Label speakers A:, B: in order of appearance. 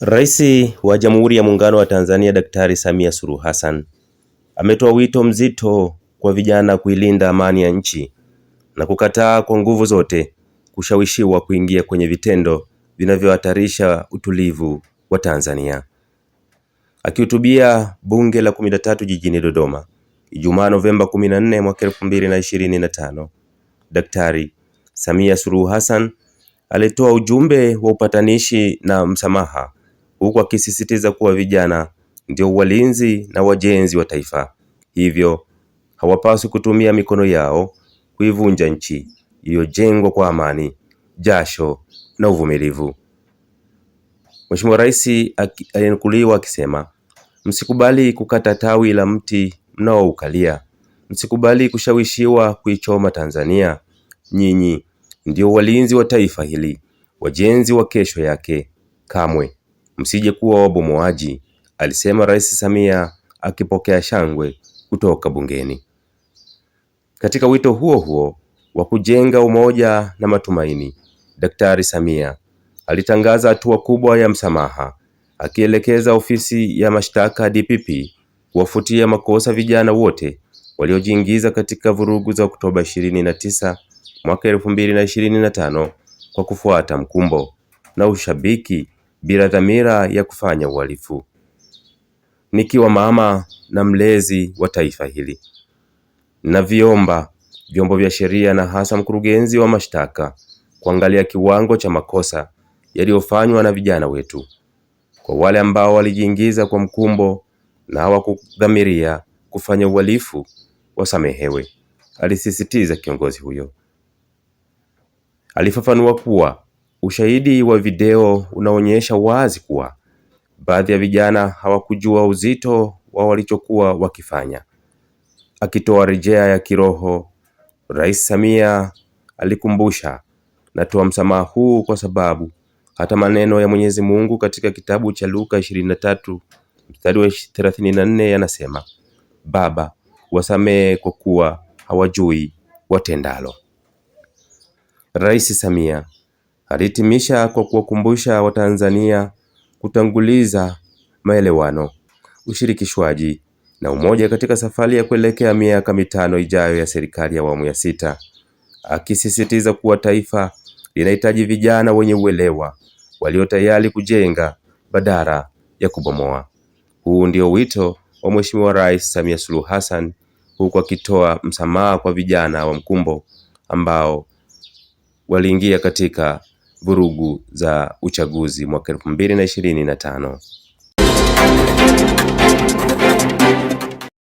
A: Rais wa Jamhuri ya Muungano wa Tanzania Daktari Samia Suluhu Hassan ametoa wito mzito kwa vijana kuilinda amani ya nchi na kukataa kwa nguvu zote kushawishiwa kuingia kwenye vitendo vinavyohatarisha utulivu wa Tanzania. Akihutubia bunge la kumi na tatu jijini Dodoma Ijumaa Novemba 14 mwaka 2025, Daktari Samia Suluhu Hassan alitoa ujumbe wa upatanishi na msamaha huku akisisitiza kuwa vijana ndio walinzi na wajenzi wa taifa, hivyo hawapaswi kutumia mikono yao kuivunja nchi iliyojengwa kwa amani, jasho na uvumilivu. Mheshimiwa Rais alinukuliwa akisema, msikubali kukata tawi la mti mnaoukalia, msikubali kushawishiwa kuichoma Tanzania. Nyinyi ndio walinzi wa taifa hili, wajenzi wa kesho yake, kamwe msije kuwa wabomoaji, alisema Rais Samia akipokea shangwe kutoka bungeni. Katika wito huo huo wa kujenga umoja na matumaini, Daktari Samia alitangaza hatua kubwa ya msamaha, akielekeza ofisi ya mashtaka DPP kuwafutia makosa vijana wote waliojiingiza katika vurugu za Oktoba 29 mwaka 2025 kwa kufuata mkumbo na ushabiki bila dhamira ya kufanya uhalifu. Nikiwa mama na mlezi wa taifa hili, naviomba vyombo vya sheria na hasa mkurugenzi wa mashtaka kuangalia kiwango cha makosa yaliyofanywa na vijana wetu, kwa wale ambao walijiingiza kwa mkumbo na hawakudhamiria kufanya uhalifu wasamehewe, alisisitiza kiongozi huyo. Alifafanua kuwa Ushahidi wa video unaonyesha wazi kuwa baadhi ya vijana hawakujua uzito wa walichokuwa wakifanya. Akitoa rejea ya kiroho, Rais Samia alikumbusha, natoa msamaha huu kwa sababu hata maneno ya Mwenyezi Mungu katika kitabu cha Luka 23 mstari wa 34 yanasema, Baba wasamehe kwa kuwa hawajui watendalo. Rais Samia Alihitimisha kwa kuwakumbusha Watanzania kutanguliza maelewano, ushirikishwaji na umoja katika safari ya kuelekea miaka mitano ijayo ya serikali ya awamu ya sita, akisisitiza kuwa taifa linahitaji vijana wenye uelewa walio tayari kujenga badala ya kubomoa. Huu ndio wito wa Mheshimiwa Rais Samia Suluhu Hassan huku akitoa msamaha kwa vijana wa Mkumbo ambao waliingia katika vurugu za uchaguzi mwaka elfu mbili na ishirini na tano.